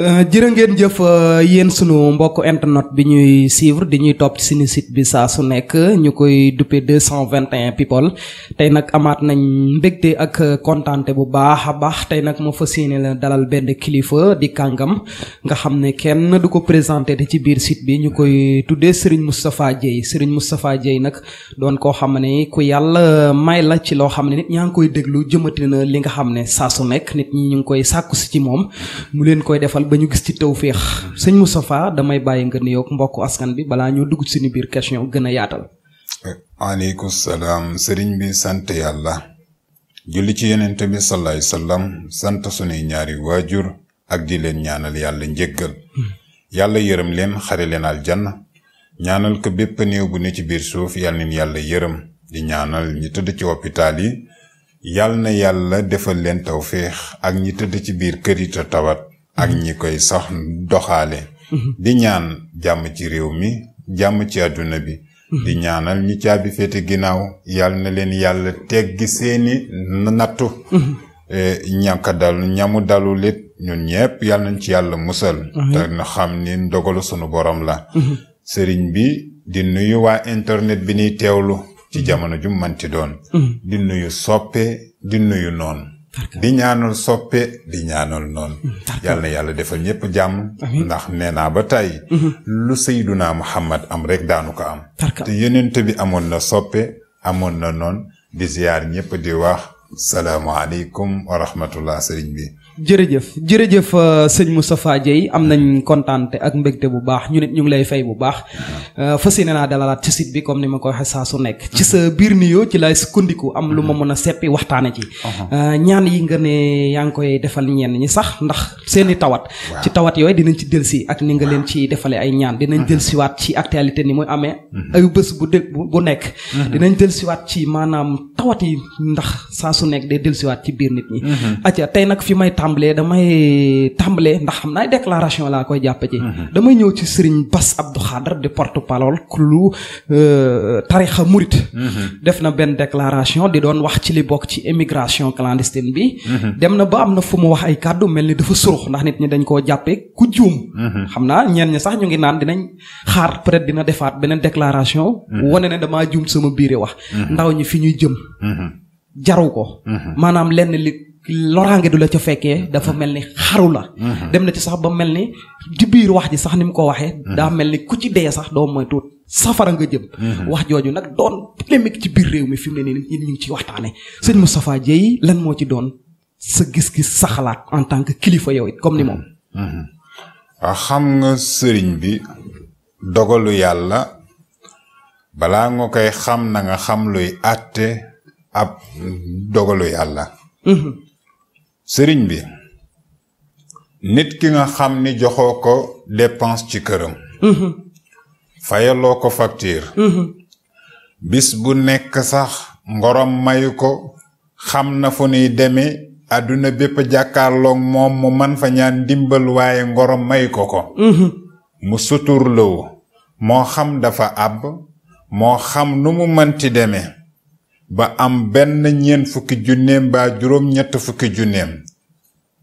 Euh, jërë ngeen jëf euh, yéen sunu mbokk internet bi ñuy suivre di ñuy topp ci suñu site bi saa su nekk ñu koy duppe 221 people tey nag amaat nañ mbégte ak kontaante bu baax a baax tey nag ma fa yéene la dalal benn kilifa di kàngam nga xam ne kenn du ko présenter te ci biir site bi ñu koy tuddee Serigne Moustapha Dieye Serigne Moustapha Dieye nag doon koo xam ne ku yàlla may la ci loo xam ne nit ñaa ngi koy déglu jëmati na li nga xam ne saa su nekk nit ñi ñu ngi koy sàkku si ci moom mu ba ñu gis ci tawféex sëñ Moustapha damay bàyyi nga nuyoo ak mbokku askan bi balaa ñoo dugg ci suñu biir question gën a yaatal. aleykum salaam sëriñ bi sant yàlla. julli ci yenente bi salaay salaam sant sunuy ñaari waajur ak di leen ñaanal yàlla njëggal. yàlla yërëm leen xare leen aljanna ñaanal ko bépp néew bu ne ci biir suuf yàlla neen yàlla yërëm di ñaanal ñi tëdd ci hôpital yi. yàlla na yàlla defal leen tawféex ak ñi tëdd ci biir kër yi te tawat ak ñi koy sax doxaale di ñaan jàmm ci réew mi jàmm ci àdduna bi di ñaanal ñi caabi féete ginnaaw yal na leen yàlla teggi seeni nattu eh, ñàkka dal ñamu dalu lit ñun ñëpp yal nañ ci yàlla musal te na xam ni ndogalu sunu borom la sëriñ bi di nuyu waa internet bi ñuy teewlu ci jamono ju manti doon di nuyu soppe di nuyu noonu di ñaanal soppe di ñaanal noon hmm, yàlla na yàlla defal ñëpp jàmm ndax nee naa ba tey hmm. lu sayduna muhammad am rek daanu ko am te yonent bi amoon na soppe amoon na noon di ziyaar ñëpp di wax salaamaaleykum wa rahmatullah sëriñ bi jërëjëf jërëjëf euh, sëñ Moustapha Dieye am nañ kontaante ak mbégte bu baax ñu nit ñu ngi lay fay bu baax euh, fas yéene naa dalalaat ci site bi comme ni ma ko waxee saa su nekk. ci sa biir nuyoo ci lay sukkandiku am lu ma mën a seppi waxtaane ci. Uh-huh. Euh, ñaan yi nga ne yaa ngi koy defal ñenn ñi sax ndax seeni tawat. ci tawat yooyu dinañ ci delsi ak ni nga leen ci defalee ay ñaan dinañ uh-huh. delsiwaat ci actualité ni muy amee. Uh-huh. ay bës bu dé bu nekk. dinañ delsiwaat ci maanaam tawat yi ndax saa su nekk day delsiwaat ci biir nit ñi. tàmbalee damay tàmbalee ndax xam naa déclaration laa koy jàppe ci mhm. damay ñëw ci sëriñ Bass Abdou Khadre di porte parole lu euh, tarixa murit mhm. def na benn déclaration di doon wax ci li bokk ci émigration clandestine bi mhm. dem na ba am na fu mu wax ay kàddu mel ni dafa surux ndax nit ñi dañ koo jàppee ku juum xam naa ñeen ñi sax ñu ngi naan dinañ xaar peut-être dina defaat beneen déclaration wane ne damaa juum sama biire wax ndaw ñi fi ñuy jëm jaru ko maanaam loraange du la ca fekkee dafa mel ni xaru la mhm. dem na ci sax ba mel ni ci biir wax ji sax ni mu ko waxee mhm. daa mel ni ku ci dee sax doo mooy tuut safara nga jëm mhm. wax jooju nag doon polémique ci biir réew mi fi mu ne nii nit ñu ngi ciy waxtaane sëñ Moustapha Dieye lan moo ci doon sa gis-gis sa en tant que kilifa yow comme ni moom nga sëriñ bi dogalu yàlla balaa nga koy xam na nga xam luy àtte ab dogalu yàlla sëriñ bi nit ki nga xam ni joxoo ko dépense ci këram mhm. fayaloo ko facture mhm. bis bu nekk sax ngorom mayu ko xam na fu nuy deme àdduna bépp jàkkaarloog moom mu man fa ñaan dimbal waaye ngorom mayu ko ko mhm. mu suturloo moo xam dafa àbb moo xam nu mu mënti deme ba am benn ñeent fukki junneem ba juróom ñett fukki junneem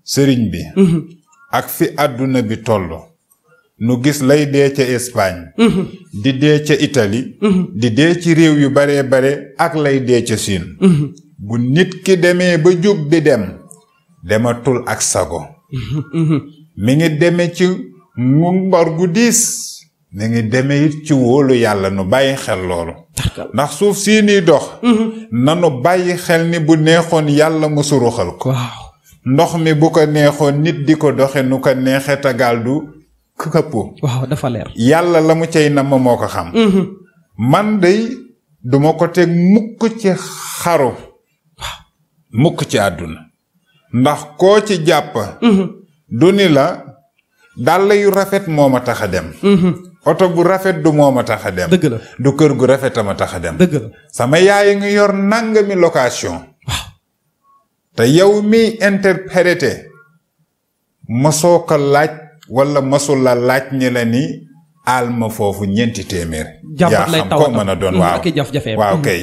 sëriñ bi mhm. ak fi àdduna bi tollu nu gis lay dee ca Espagne mhm. di dee ca Italie mhm. di dee ci réew yu bare bare ak lay dee ca Siin bu nit ki demee ba jóg di dem dematul ak sago mi ngi deme ci mu ngor gu diis mi ngi deme it ci wóolu yàlla nu bàyyi xel loolu ndax suuf sii nii dox. Mhm. nanu bàyyi xel ni bu neexoon yàlla mu suruxal ko. ndox mi bu ko neexoon nit di ko doxe nu ko neexee te du këpp. yàlla la mu cay namm moo ko xam. Mhm. man day duma ko teg mukk ci xaru. mukk ci àdduna. ndax koo ci jàpp. Mhm. du ni la dàll yu rafet mooma ma tax a dem. oto bu rafet du moom a tax a dem. du kër gu rafet a ma tax a dem. dëgg sama yaay ngi yor nangami location. waaw te yow miy interprété mosoo ko laaj walla masul la laaj ñi la ni alma foofu ñeenti téeméer. jàmbat lay taw yaa xam ko mën a mm, waaw waaw mm, kay.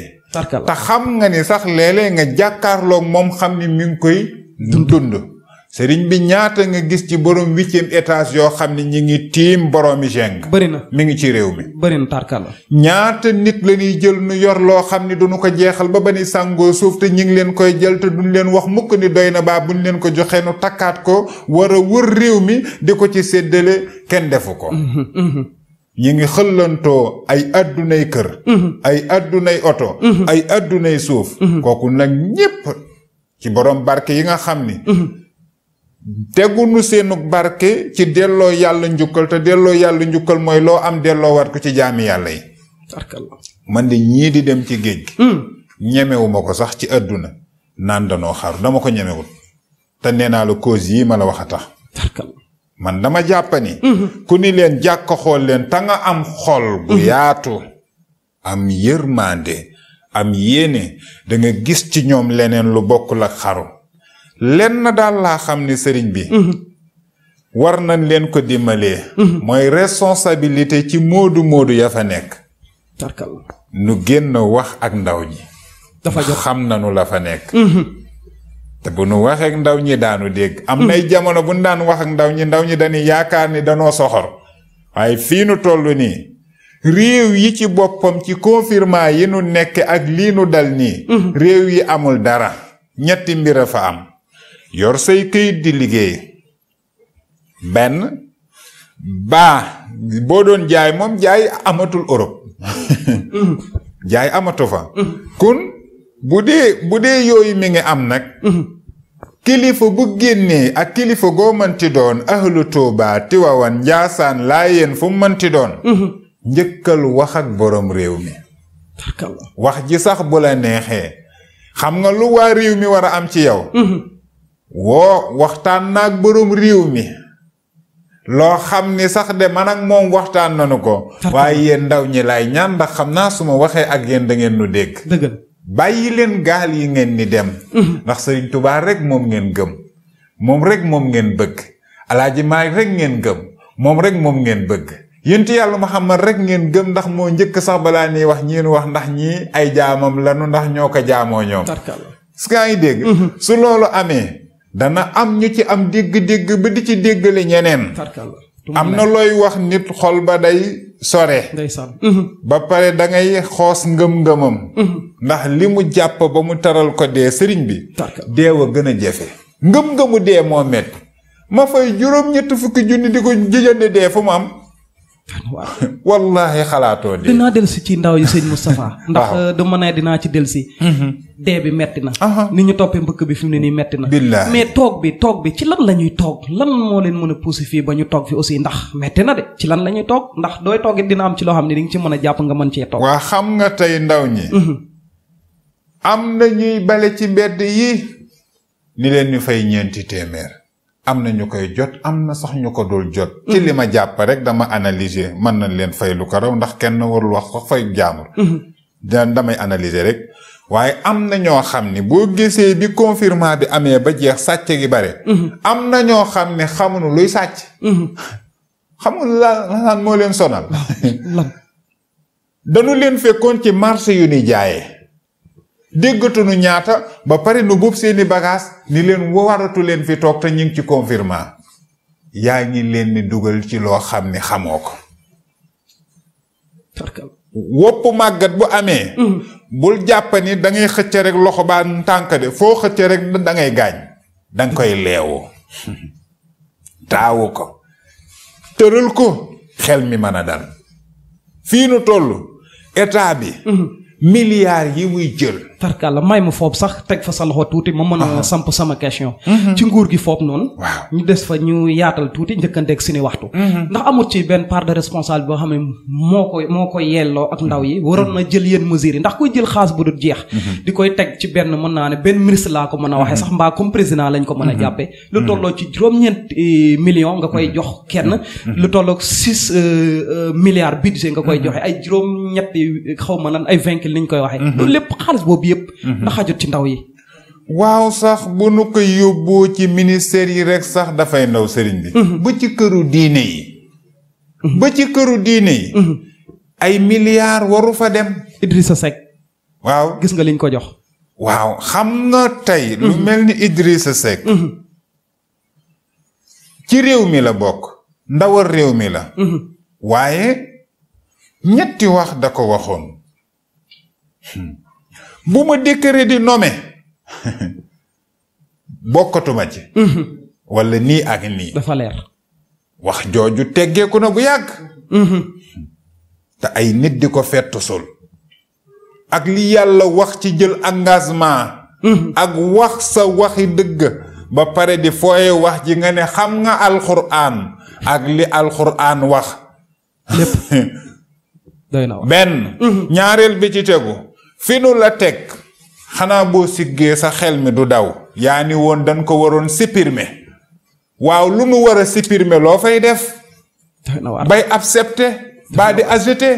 te xam nga ni sax léeg-léeg nga jàkkaarloog moom xam ni mi ngi koy. dund. sëriñ bi ñaata nga gis ci borom huitième étage yoo xam ne ñi ngi tiim boroomi geng bëri na mi ngi ci réew mi bëri na tarkal ñaata nit la ñuy jël nu yor loo xam ni duñu ko jeexal ba ba ni sàngoo suuf te ñi ngi leen koy jël te duñ leen wax mukk ni doy na baa buñ leen ko joxee nu takkaat ko war a wër réew mi di ko ci séddale kenn defu ko mhm, mhm. ñi ngi xëllantoo ay addunay kër mhm. ay addunay oto ay addunay suuf kooku nag ñépp ci borom barke yi nga xam ni tegunu seenu barke ci delloo yàlla njukkal te delloo yàlla njukkal mooy loo am delloo war ko ci jaami yàlla yi man de ñii di dem ci géej hmm. ñemewuma ko sax ci àdduna naan danoo xaru dama ko ñemewul te nee naa la cause yii ma la wax a tax man dama jàpp ni hmm. ku ni leen jàkk xool leen te nga am xol bu hmm. yaatu am yërmande am yéene danga gis ci ñoom leneen lu bokkul ak xaru lenn daal laa xam ni sëriñ bi. Mhm. war nañ leen ko dimbalee. Mhm. mooy responsabilité ci moodu moodu ya fa nekk. nu génn wax ak ndaw ñi. dafa jot xam nañu la fa nekk. Mhm. te bu nu waxee ndaw ñi daanu dégg. am nay jamono bu nu daan wax ak ndaw ñi ndaw ñi dañuy yaakaar ni danoo soxor. waaye fii nu toll nii. réew yi ci boppam ci confinement yi nu nekk ak lii nu dal nii. réew yi amul dara. ñetti mbir a fa am. yor say këyit di liggéey benn baa boo doon jaay moom jaay amatul Europe jaay amatu fa mm. kon bu dee bu dee yooyu mi ngi am nag mm. kilifa bu génnee ak kilifa goo mënti doon ahlu Tuuba Tiwaawan Njaasaan Laayeen fu mënti doon mm-hmm. njëkkal wax ak borom réew mi wax ji sax bu la neexee xam nga lu waa réew mi war a am ci yow mm-hmm. woo waxtaan naag boroom réew mi loo xam ni sax de man ak moom waxtaan nanu ko waaye yéen ndaw ñi laay ñaan ndax xam naa su ma waxee ak yéen dangeen ngeen nu dégg bàyyi leen gaal yi ngeen ni dem mhm. ndax Sëriñ Tuubaa rek moom ngeen gëm moom rek moom ngeen bëgg Alaaji Maalik rek ngeen gëm moom rek moom ngeen bëgg yénti yàlla Muhammad rek ngeen gëm ndax moo njëkk sax balaa nii wax ñiin wax ndax ñii ay jaamam lanu ndax ñoo ko jaamoo ñoom su kaa dégg mhm. su loolu amee dana am ñu ci am dégg-dégg ba di ci déggale ñeneen. am na looy wax nit xol ba day sore. ndeysaan. Mhm. ba pare da ngay xoos ngëm-ngëmam. Mhm. ndax li mu jàpp ba mu taral ko dee sëriñ bi. deew a gën a jafe. ngëm-ngëmu dee moo mett ma fay juróom-ñett fukki junni di ko jëjënd dee fu mu am. wallahi xalaatoo de. dinaa dellusi ci ndaw yi sëñ Moustapha. ndax euh, du ma ne dinaa ci dellusi. Mm-hmm. dee bi metti na. ni ñu toppee mbëkk bi fi mu ne nii metti na. mais toog bi toog bi ci lan la ñuy toog lan moo leen mën a pousse fii ba ñu toog fi aussi ndax metti na de ci lan la ñuy toog ndax dooy toog dina am ci loo xam ne di nga ci mën a jàpp nga mën cee toog. waa xam nga tey ndaw ñi. Mm-hmm. am na ñuy bale ci mbedd yi. ni leen ñu fay ñeenti téeméer. am na ñu koy jot am na sax ñu ko dul jot. ci li ma jàpp rek dama analyser mën nañ leen fay lu ko raw ndax kenn warul wax sax fay jaamur. Mhm. damay analyser rek. waaye am na ñoo xam ni boo gisee bi confirmation bi amee ba jeex sàcc gi bare. Mhm. na ñoo xam ne xamuñu luy sàcc. Mhm. xamuñu la moo leen sonal. dañu leen fekkoon ci marché yu ni jaayee. déggatu nu ñaata ba pare nu boobu seeni bagaas ni leen waratu leen fi toog te ñu ngi ci confinement yaa ngi leen di dugal ci loo xam ni xamoo ko woppu màggat bu amee mm-hmm. bul jàpp ni dangay xëcc rek loxo baa tànk de foo xëcc rek dangay gaañ danga koy leewu taawu ko tëral ko xel mi mën a dal fii nu toll état bi mm-hmm. milliards yi muy jël tarkalla may ma foofu sax teg fa sa loxo tuuti ma mën a samp sama question mhm. ci nguur gi foofu noonu ñu des fa ñu yaatal tuuti njëkkanteeg suñu waxtu mhm. ndax amul ci benn part de responsable boo xam ne moo koy moo koy yelloo ak ndaw yi waroon na mhm. jël yéen mesures yi ndax koy jël xaas bu dul jeex di koy teg ci benn mën naa ne benn ministre laa ko mën a waxee sax mbaa comme président lañ ko mën a jàppee lu tolloo ci juróom-ñeent eh, millions nga koy jox kenn lu tolloo euh, euh, milliards budget nga koy joxe ay juróom-ñetti xaw ma lan ay vingt kilos ni yëpp. Mhm. ndax xajut ci ndaw yi. waaw sax bu nu ko yóbboo ci minister yi rekk sax dafay ndaw sëriñ bi. Mhm. ba ci këru diine yi. Mhm. ba ci këru diine yi. ay milliards waru fa dem. Idrissa Seck. waaw gis nga liñ ko jox. waaw xam nga tey. lu mel ni Idrissa Seck. ci réew mi la bokk. ndawal réew mi la. waaye ñetti wax da ko waxoon. Hmm. bu ma décret di nome bokkatuma ci. Mhm. wala nii ak nii. dafa leer. wax jooju teggeeku na bu yàgg. Mhm. te ay nit di ko fett sul ak li yàlla wax ci jël engagement. Mhm. ak wax sa waxi dëgg. ba pare di fooye wax ji nga ne xam nga alxuraan ak li alxuraan wax benn. ñaareel bi ci tegu. fi nu la teg xanaa boo siggee sa xel mi du daw yaa ni woon dañ ko waroon supprimer waaw lu mu war a supprimer loo fay def bay accepter baa di agiter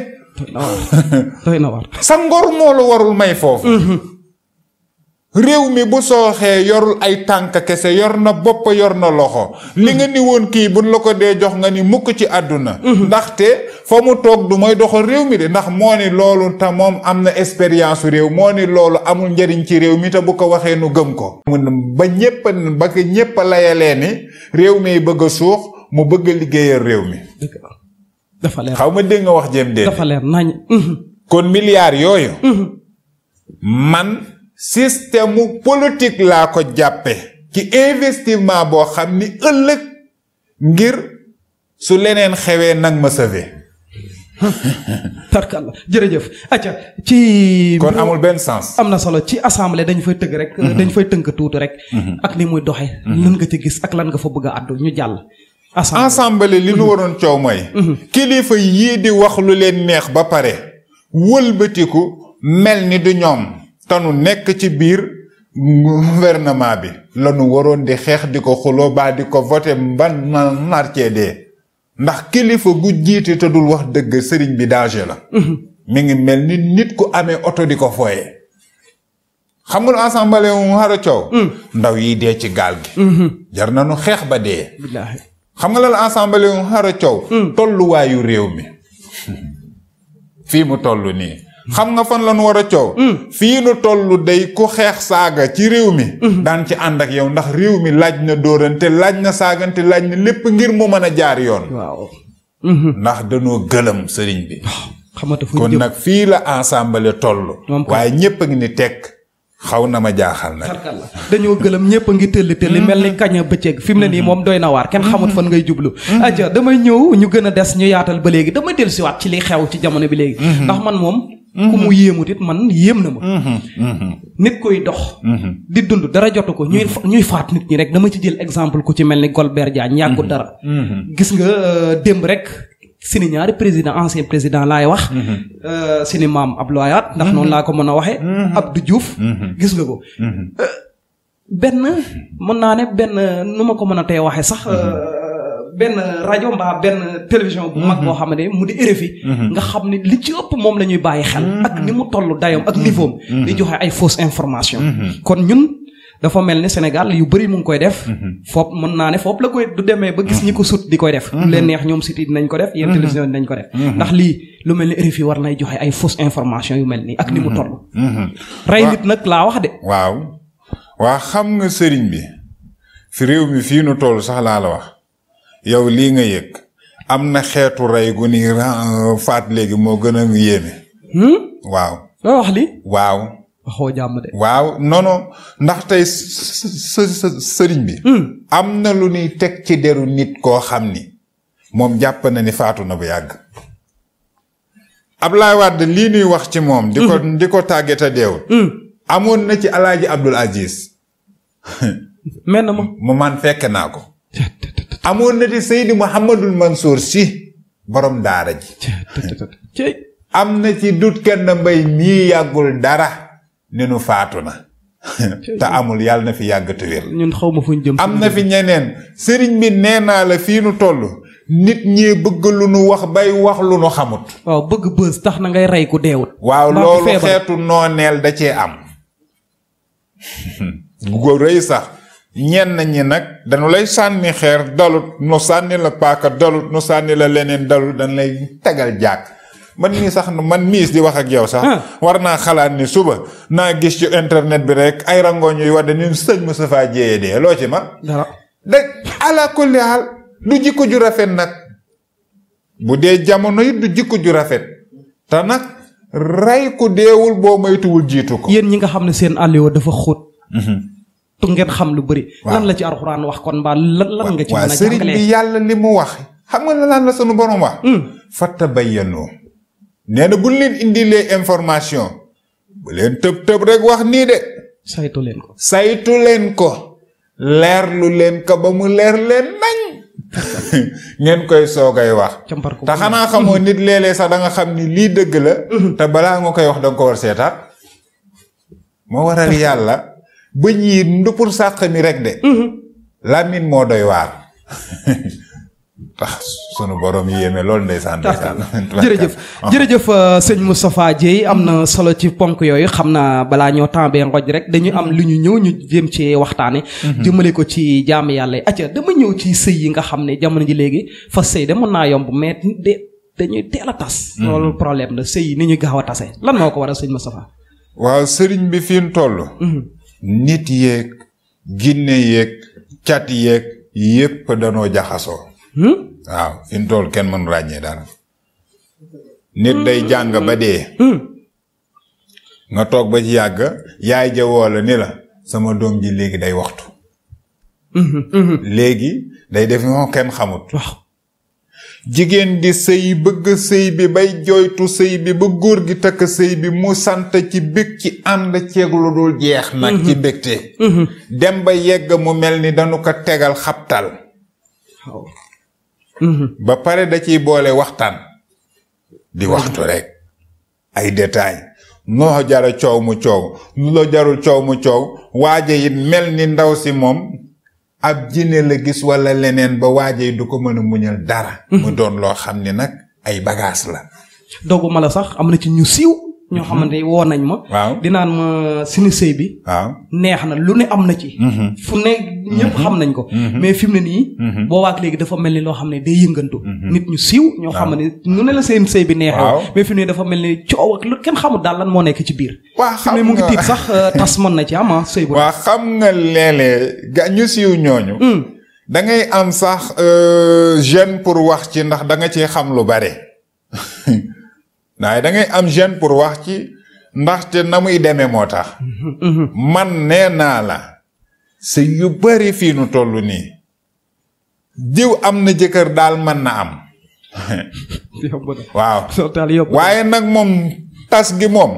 doy na war sa ngor moo la warul may foofu mhm. réew mi bu sooxee yorul ay tànk kese yor na bopp yor na loxo li nga ni woon kii buñ la ko dee jox nga ni mukk ci àdduna mhm. ndaxte fa mu toog du may doxal réew mi de ndax moo ni loolu te moom am na expérience réew moo ni loolu amul njëriñ ci réew mi te bu ko waxee nu gëm ko ba ñépp ba ko ñépp layalee ni réew mi bëgg a suux mu bëgg liggéeyal réew mi xaw ma dégg nga wax jéem dee dafa leer nañ mhm. kon milliards yooyu mhm. man système mu politique laa ko jàppe ci investissement boo xam ni ëllëg ngir su leneen xewee nag ma sauvé. tarkalla jërëjëf acca ci. kon amul benn sens. am na solo ci assemblée dañu fay tëgg rek. Mhm. dañu fay tënk tuuti rek. Mhm. ak ni muy doxee. Mhm. lan nga ci gis ak lan nga fa bëgg a àddu ñu jàll. assemblée li nu waroon coow mooy. kilifa yii di wax lu leen neex ba pare wëlbatiku mel ni du ñoom. te nu nekk ci biir gouvernement bi lanu waroon di xeex di ko xuloo baa di ko voté ban marcé dee ndax kilifa gu jiite te dul wax dëgg sëriñ bi danger la mhm. mi ngi mel ni nit ku amee oto di ko fooyee xam nga nu assemblée coow mm. ndaw yi dee ci gaal gi mhm. jar na nu xeex ba dee xam nga lan assemblée mu coow mm. tolluwaayu réew mi fii mu toll nii xam nga fan la war a coow. Mm. fii nu toll day ku xeex saaga ci réew mi. Mm. daan ci ànd ak yow ndax réew mi laaj na dóorante laaj na saagante laaj na lépp ngir mu mën a jaar yoon. waaw. Mm-hmm. ndax danoo gëlëm sëriñ bi. Ah, xamata fu kon nag fii la ensemble toll. waaye ñëpp a ngi ni tekk xaw na ma jaaxal nag. dañoo gëlëm ñëpp a ngi tëlli tëlli mm-hmm. mel ni kañ a bëccëg fi mu ne nii mm-hmm. moom doy na waar kenn xamut fan ngay jublu. aja damay ñëw ñu gën a des ñu yaatal ba léegi damay dellusiwaat ci li xew ci jamono bi ndax man moom. Mm-hmm. ku mu yéemut it man yéem na ma. Mm-hmm. Mm-hmm. nit koy dox. di dund dara jotu ko ñuy ñuy faat nit ñi rek dama ci jël exemple ko ci mel ni Golbert Diagne yàggut dara. gis nga euh, démb rek. sini ñaari président ancien président laay wax. Euh, sini maam Abdoulaye Wade ndax noonu laa ko mën a waxe waxee. du Diouf. gis nga ko. Euh, benn mën naa ne benn nu ma ko mën a tee waxee sax. benn rajo mbaa benn télévision bu mag mhm. boo xam ne mu di RFI mhm. nga xam ni li ci ëpp moom la ñuy bàyyi xel mhm. ak ni mu tollu dayoom ak niveau am di joxe ay fausse information kon ñun dafa mel ni Sénégal yu bëri mu ngi koy def. foop mën naa ne foofu la koy du demee ba gis ñi ko sut di koy def. lu leen neex ñoom site yi dinañ ko def yéen télévision dinañ ko def. ndax lii lu mel ni RFI war nay joxe ay fausse information yu mel nii ak ni mu toll. rey nit nag laa wax de. waaw waa xam nga sëriñ bi fi réew mi fii nu toll sax laa la wax yow lii nga yëg am na xeetu rey gu ni euh, faat léegi moo gën a yéeme. Hmm? waaw. loo wax li waaw. waxoo jàmm de. waaw non ndax tey sëriñ bi. Hmm. am na lu ñuy teg ci deru nit koo xam ni moom jàpp na ni faatu na bu yàgg. Abdoulaye Wade lii nuy wax ci moom. di ko hmm. di ko tàgge te amoon na ci alaaji Abdul Aziz. mel na ma. mu man fekk naa ko. amoon na te Seydi Mouhamadul Mansour si borom daara ji am na ci dut kenn mbay mii yàggul dara ni nu faatu na te amul yàlla na fi yàgg te ñun xaw ma fu ñu am na fi ñeneen sëriñ bi nee naa la fii nu toll nit ñi bëgg lu nu wax bay wax lu nu xamut waaw bëgg bës tax na ngay rey ku deewut waaw loolu xeetu nooneel da cee am gu rëy sax ñenn ñi nag dañu lay sànni xeer dalut nu sànni la paaka dalut nu sànni la leneen dalut dañ lay tegal jàkk man mii sax man miis di wax ak yow sax ah. war naa xalaat ni suba naa gis ci internet bi rek ay rangooñ yuy wadde ñun sëñ ma Faye jéye de loo ci ma da ala kulli du jikko ju rafet nag bu dee jamono yi du jikko ju rafet te nag rey ku deewul boo moytuwul jiitu ko yéen ñi nga xam ne seen àll dafa xóot mhm. tu ngeen xam lu bëri. lan la ci alxuraan wax kon mbaa lan lan nga. ci a yàlla li mu wax. xam nga lan la sunu borom wax. Hmm. fatabayyanu. nee na bu leen information. bu leen tëb tëb wax nii de. saytu leen ko saytu leen ko. leerlu leen ko ba mu leer leen ngeen koy soogay wax. te xanaa xamoo nit léeg sax da nga xam ni lii dëgg la. Hmm. te balaa nga koy wax da nga ko war seetaat. moo waral yàlla. bëñ yi nduppur sàq mi rek de mhm. làmmiñ moo doy waar tax sunu borom yéeme loolu ndeysaan ndeysaan jërëjëf jërëjëf euh, sëñ Moustapha Dieye am na solo ci ponk yooyu xam naa balaa ñoo tàmbee ngoj rek dañu am lu ñu ñëw ñu jéem ci waxtaane mhm. jëmale ko ci jaam yàlla yi acca dama ñëw ci sëy yi nga xam ne jamono ji léegi fa sëy de mën naa yomb mais de dañuy teel a tas mhm. loolu problème la sëy yi ni ñuy gaaw a tase lan moo ko waral sëñ Moustapha waaw sëriñ bi fi mu nit yéeg ginne yéeg cat yéeg yépp danoo jaxasoo hmm? waaw fi mu toll kenn mënu ràññee dara nit day jàng ba dee hmm. nga toog ba ci yàgg yaay ja woo ni la sama doom ji léegi day waxtu hmm, léegi day def ñoo kenn xamut waaw jigéen di sëy bëgg sëy bi bay jooytu sëy bi ba góor gi takk sëy bi mu sant ci bég ci ànd ceeg lu dul jeex nag mhm. ci bégte mhm. dem ba yegg mu mel ni dañu ko tegal xabtal mhm. ba pare da ciy boole waxtaan di waxtu rekk ay détail nu la jara coow mu coow nu la jarul coow mu coow waaje it mel ni ndaw si moom ab jinne la gis wala leneen ba waajee du ko mën a muñal dara. Mhm. mu doon loo xam ne nag ay bagages la. dogguma la sax am na ci ñu siiw. ñoo mhm. xamante ne woo nañ ma. waaw naan ma suñu sëy bi. waaw neex na lu ne am na ci. Mhm. fu ne ñëpp mhm. xam nañ ko. mais fi mu ne nii. boo boobaak léegi dafa mel ni loo xam ne day yëngantu. nit ñu siiw ñoo xam ne ñu ne la seen sëy bi neexee. mais fi dafa mel ni coow ak lu kenn xamul daal moo nekk ci biir. waaw xam nga mu ngi sax euh, tas mën na ci am ah sëy bu. xam nga léeg-léeg ga ñu siiw ñooñu. Hmm. da ngay am sax euh, gêne pour wax ci ndax danga nga cee xam lu bare. waaye da ngay am gêne pour wax ci ndaxte na muy demee moo tax. man nee naa la. sëy yu bari fii nu toll nii. jiw am na jëkkër daal mën na am. waaw waaye nag moom tas gi moom.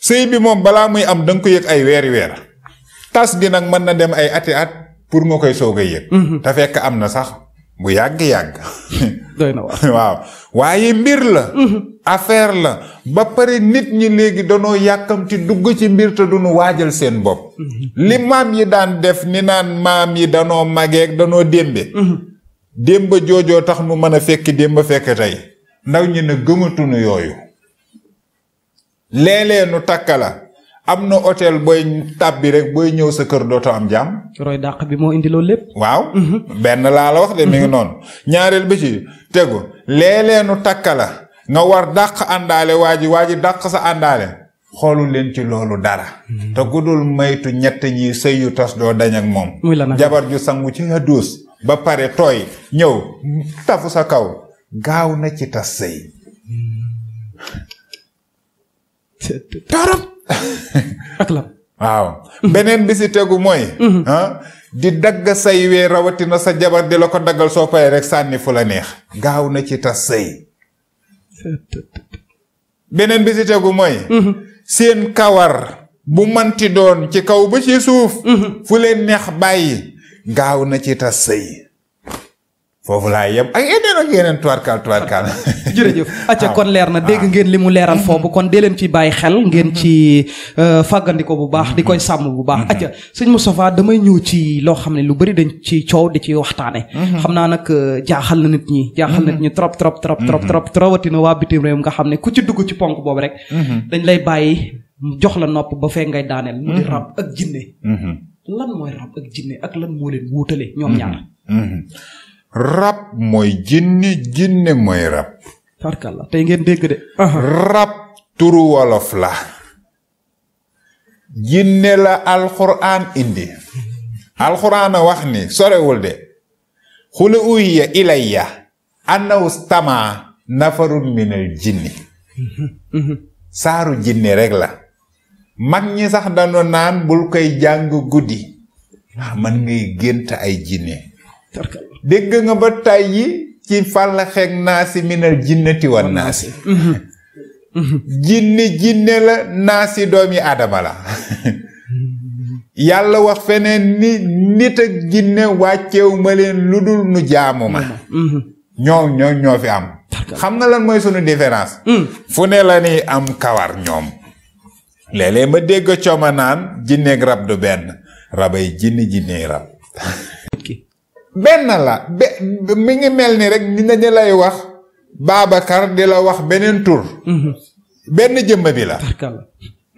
sëy bi moom balaa muy am da nga yëg ay weeri weer. tas gi nag mën na dem ay ati at pour nga koy soog a yëg. Mm-hmm. te fekk am na sax. bu yàgg-yàgg doy waaw waaye mbir la mhm. affaire la ba pare nit ñi léegi danoo yàkkamti dugg ci mbir te duñu waajal seen bopp mhm. li maam yi daan def ni naan maam yi danoo mageeg danoo démbe mhm. démb joojoo tax nu mën a fekk démb fekk tey ndaw ñi ne gëmatunu yooyu léeg-léeg am na hôtel booy tàbbi rek booy ñëw sa kër dootoo am jàmm. roy dàq bi moo indi loolu lépp. waaw. Mhm. benn laa la wax de mi ngi noonu. ñaareel bi ci tegu lee leenu takka la nga war dàq àndaale waa ji waa ji dàq sa àndaale xoolul leen ci loolu dara. Mhm. te gudul maytu ñett ñi sëy yu tos doo dañ ak moom. jabar ju sangu ci hadus ba pare tooy ñëw tafu sa kaw gaaw na ci tas sëy. Mhm. ak la waaw beneen bi si tegu mooy. Mhm. Ah, di dagg say wee rawatina sa jabar di la ko daggal soo paree rek sànni fu la neex. gaaw na ci tas sëy. beneen bi si tegu mooy. Mhm. seen kawar bu manti doon ci kaw ba ci suuf. Mhm. fu leen neex bàyyi. gaaw na ci tas sëy. foofu laa yem ak eh, yeneen ak yeneen tuwaarkaal tuwaarkaal. jërëjëf acca ah. kon ah. li mu leeral mm-hmm. foofu kon dee leen ci bàyyi xel ngeen mm-hmm. ci euh, fàggandiko bu baax di koy mm-hmm. sàmm bu baax. acca sëñ Moustapha damay ñëw ci loo xam ne lu bëri dañ ci coow di ci waxtaane xam naa nag jaaxal na ñi. jaaxal na nit ñi trop trop trop trop trop rawatina waa bitim réew nga xam ne ku ci dugg ci ponk boobu rek. dañ lay bàyyi jox la nopp ba fee ngay daaneel. mu di rab ak jinne lan mooy rab ak jinne ak lan moo leen wuutale ñoom ñaar. rab mooy jinne jinne mooy rab. tarkalla ngeen dégg de. rab turu wolof la. jinne la alxuraan indi. alxuraan wax ni sorewul de. xule uhiya ilayya annahu stamaa nafarun minal jinni saaru jinne rek la. mag ñi sax dañu naan bul koy jàng guddi. Ah, man mën ngay gént ay jinne dégg nga ba tay yi ci fàlla xeeg naasi minal jinnati wan naasi jinni jinne la naasi doomi aadama la yàlla wax feneen ni nit ak jinne wàcceew ma leen lu dul nu jaamu ma mhm. ñoom ñoom ñoo fi am xam nga lan mooy sunu différence mm. fu ne la ni am kawar ñoom léeg ma dégg cooma naan jinneeg rab du benn rabay jinni jinneeg rab benn la be mi ngi mel ni rek dina dañu lay wax Babacar di la wax beneen tur mhm. benn jëmm bi la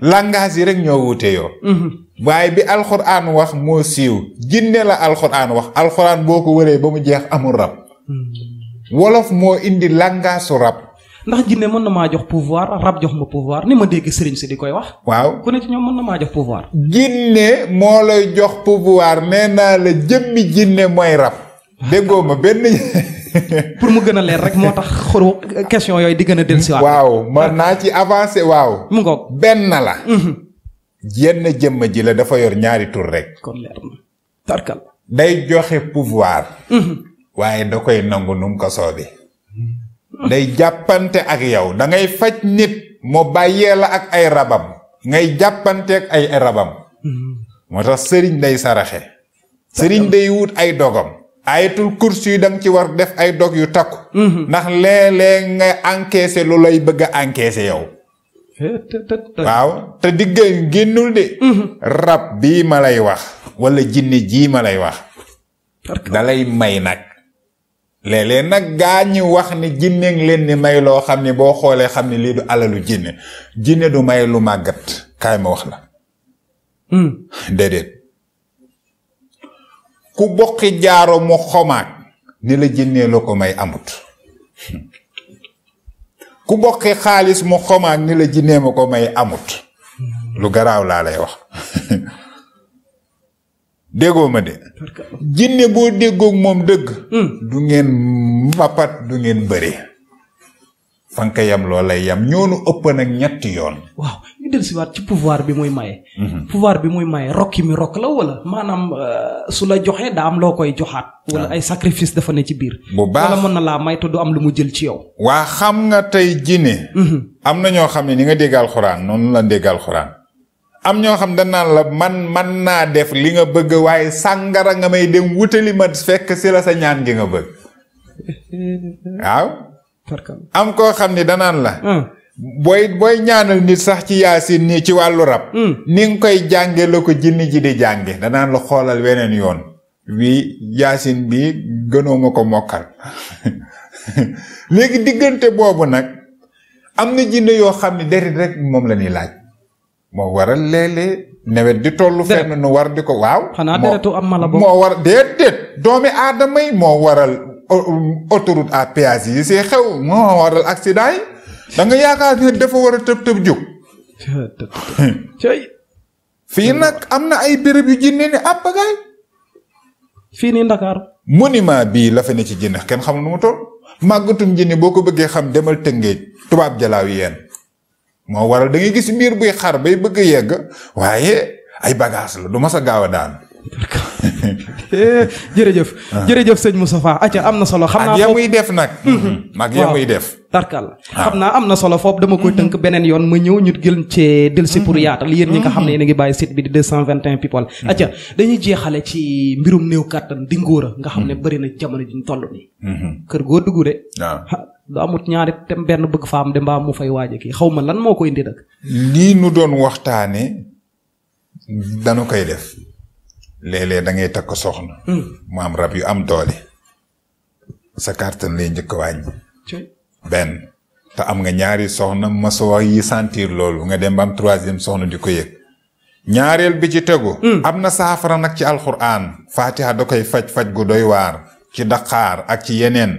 langage yi rek ñoo wuute yoo mhm. waaye bi alxuraan wax moo siiw jinne la alxuraan wax alxuraan boo ko wëree ba mu jeex amul rab mhm. wolof moo indi langaasu rab ndax jinne mën na maa jox pouvoir rab jox ma pouvoir ni ma dégg sëriñ si di koy wax. waaw ku ne ci ñoom mën na maa jox pouvoir. jinne moo lay jox pouvoir nee naa la jëmmi jinne mooy rab. Ah. déggoo ma benn. mu gën a leer rek moo tax xoru question yooyu di gën a dellusiwaat. waaw mën naa ci avancer waaw. mu ngoog benn la. Mhm. yenn jëmm ji la dafa yor ñaari tur rek. kon leer na tarkal. day joxe pouvoir. Mhm. waaye da koy nangu nu mu ko soobee. day jàppante ak yow dangay faj nit moo bàyyee la ak ay rabam ngay jàppanteeg ay rabam mm-hmm. moo tax sëriñ day saraxe sëriñ day wut ay dogam ayatul kursi yu da ci war def ay dog yu takku mm-hmm. ndax léeg-léeg nga encaissé lu lay bëgg a encaissé yow eh, waaw te diggal génnul de mm-hmm. rab bii ma lay wax walla jinne jii ma lay wax dalay may nag léeg nag gaa ñi wax ni jinne leen ni may loo xam ni boo xoolee xam ni lii du alalu jinné jinne du may lu màggat kaay ma wax la mm. déedéet ku bokki jaaro mu xomaag ni la jinnee la ko may amut ku bokki xaalis mu xomaag ni la jinnee ma ko may amut lu garaaw laa lay wax déggoo ma de jinne boo déggook moom dëgg hmm. du ngeen mbapat du ngeen bëri fa nga yam loo lay yam nu ëpp nag ñetti yoon waaw ñu del si waat ci pouvoir bi muy maye mhm. pouvoir bi muy maye rokk mi rokk la wala maanaam euh, su la joxee daa am loo koy joxaat ah. wala ay sacrifice dafa ne ci biir bu baax wala mën na laa may te du am lu mu jël ci yow waa xam nga tey jinne mhm. am na ñoo xam ne ni nga dégg alxuraan noonu la déggal alxuraan am ñoo xam dañ naan la man man naa def li nga bëgg waaye sàngara nga may dem wutali ma fekk si la sa ñaan gi nga bëgg waaw am koo xam ni danaan la ah. booy booy ñaanal nit sax ci yaasin nii ci wàllu rab hmm. ni koy jànge la ko jinni ji di jànge danaan la xoolal weneen yoon wi yaasin bi gënoo ma ko mokkal léegi diggante boobu nag am na jinne yoo xam ne deret rek moom la ñuy laaj moo waral léeg-léeg nawet di tollu fenn nu war di ko waaw. xanaa deretu am mala boobu moo war déedéet doomi aadama yi moo waral um, autoroute à péage yi see xew moo waral accident yi da nga yaakaar dafa war a tëb tëb jóg. fii nag am na ay béréb yu jinne ne ab bagaay. fii nii Ndakaaru. monument bii la fa ci jinne kenn xam nu mu toll. màggatum jinne boo ko bëggee xam demal Tëngéej tubaab jalaaw yéen. moo waral da ngay gis mbiir buy xar bay bëgg yegg waaye ay bagage la du ma sa gaaw a daan. Eh, jërëjëf. Ah. jërëjëf sëñ Moustapha acca am na solo. xam naa foofu ak ya muy def nag. Mhm. Mhm. ak ya def. tarkal ah. xam naa am na solo foofu dama koy mhm. tënk beneen yoon ma ñëw ñu gël gën cee dellusi pour yaatal yéen ñi nga xam ne yéen ngi bàyyi site bi di 221 people. acca dañuy jeexale ci mbirum néew kàttan di ngóora nga xam ne bëri na jamono ji ñu toll nii. kër goo dugg lu amut ñaari te benn bëgg faam de mbaa mu fay waaje kii xaw ma lan moo ko ndi nag. lii nu doon waxtaane danu koy def léeg dangay da ngay takk soxna. Hmm. mu rab yu am doole. sa kàttan lay njëkk a wàññi. benn te am nga ñaari soxna mosoo yi sentir loolu nga dem ba am soxna di ko yëg. ñaareel bi ci tegu. Hmm. am na saafara nag ci alxuraan. faatiha da koy faj faj gu doy waar. ci daqaar ak ci yeneen.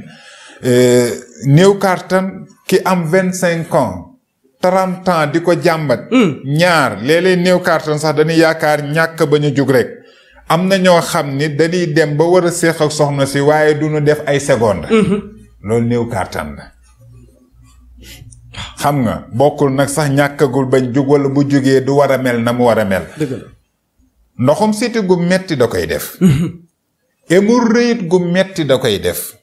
Euh, néew kàttan ki am vingt cinq ans. trente di ko jàmbat. Hmm. ñaar léeg-léeg néew kàttan sax dañuy yaakaar ñàkk ba ñu jug rek. am na ñoo xam ni dañuy dem ba war a séq ak soxna si waaye du ñu def ay seconde hmm. loolu néew kàttan la. xam nga bokkul nag sax ñàkkagul bañ jóg walla bu jógee du war a mel na mu war a mel. ndoxum siti gu metti da koy def. Hmm. émur rëyit gu metti da koy def.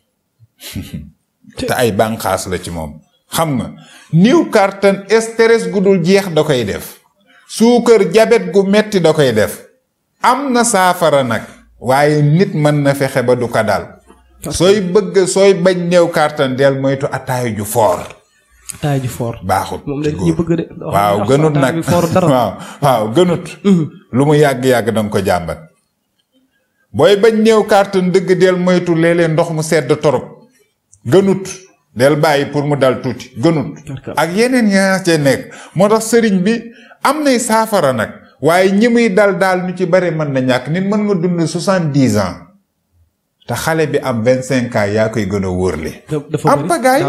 te ay bànqaas la ci moom xam nga niw kàttan stress gu dul jeex da koy def suukar jabet gu metti da koy def am na saafara nag waaye nit mën na fexe ba du ko dal sooy bëgg sooy bañ néew kàttan del moytu ataay ju foor ataay ju foor baaxut oh, waaw gënut nag waaw gënut lu mu yàgg-yàgg danga ko jàmbat booy bañ néew kàttan dëgg del moytu léeg ndox mu sedd torop gënut del bàyyi pour mu dal tuuti gënut ak yeneen ñaa cee nekk moo tax sëriñ bi am nay saafara nag waaye ñi muy dal daal ñu ci bari mën na ñàkk nit mën nga dund soixante-dix ans te xale bi am vingt-cinq ans yaa koy gën a wóorle am pagaay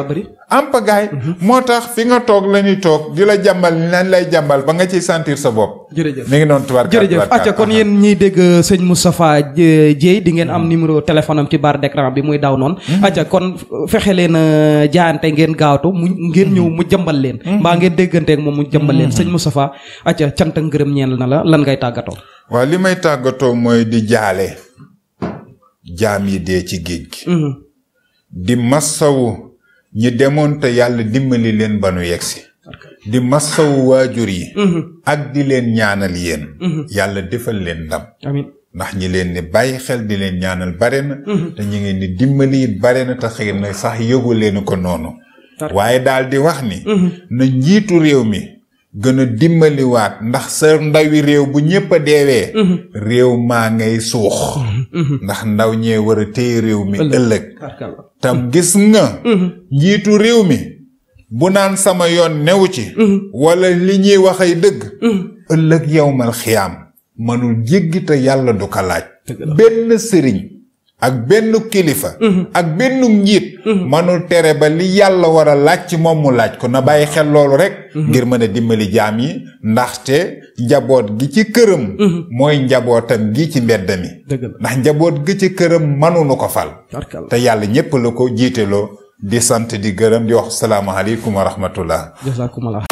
ampagaay mhm. moo tax fi nga toog la toog di la jàmbal nañ lay jàmbal ba nga ci sentir sa bopp. jërëjëf mi ngi noonu tubaarkaat jërëjëf acca kon yéen ñiy dégg sëñ Moustapha Dieye di ngeen am mhm. numéro téléphone am ci barre d'écran bi muy daw noonu. Mhm. acca kon fexe leen euh, jaante ngeen gaawtu mu ngeen ñëw mu jàmbal leen. mbaa ngeen dégganteek moom mu jàmbal leen sëñ Moustapha acca cant ak ngërëm ñeel na la lan ngay tàggatoo. waa li may tàggatoo mooy di jaale jaam yi dee ci géej gi. di ñi demoon te yàlla dimbali leen ba nu yegsi di masawu waajur yi mhm. ak di leen ñaanal yeen mhm. yàlla defal leen ndam ndax ñi leen di bàyyi xel di leen ñaanal bare na mhm. te ñu ngi ni dimbali it bare na te xëy na sax yëgu leen ko noonu waaye daal wax ni na njiitu réew mi gëna dimmaliwaat ndax sa ndawi réew bu ñépp a deewee mhm. réew maa ngay suux mhm. ndax ndaw ñee war a réew mi ëllëg tam gis nga mhm. njiitu réew mi bu naan sama yoon newu ci wala li ñuy wax ay dëgg ëllëg yowmal xiyaam mënul jéggi yàlla du ko laaj benn sëriñ ak benn kilifa. Mhm. ak benn njiit. mënul mhm. tere ba li yàlla war a laaj ci moom mu laaj ko na bàyyi xel loolu rek. Mhm. ngir mën a dimbali jaam yi ndaxte njaboot gi ci këram. mooy njabootam gi ci mbedd mi. ndax njaboot gi ci këram mënuñu ko fal. te yàlla ñépp la ko jiiteloo di sant di gërëm di wax salaamaaleykum wa rahmatullah.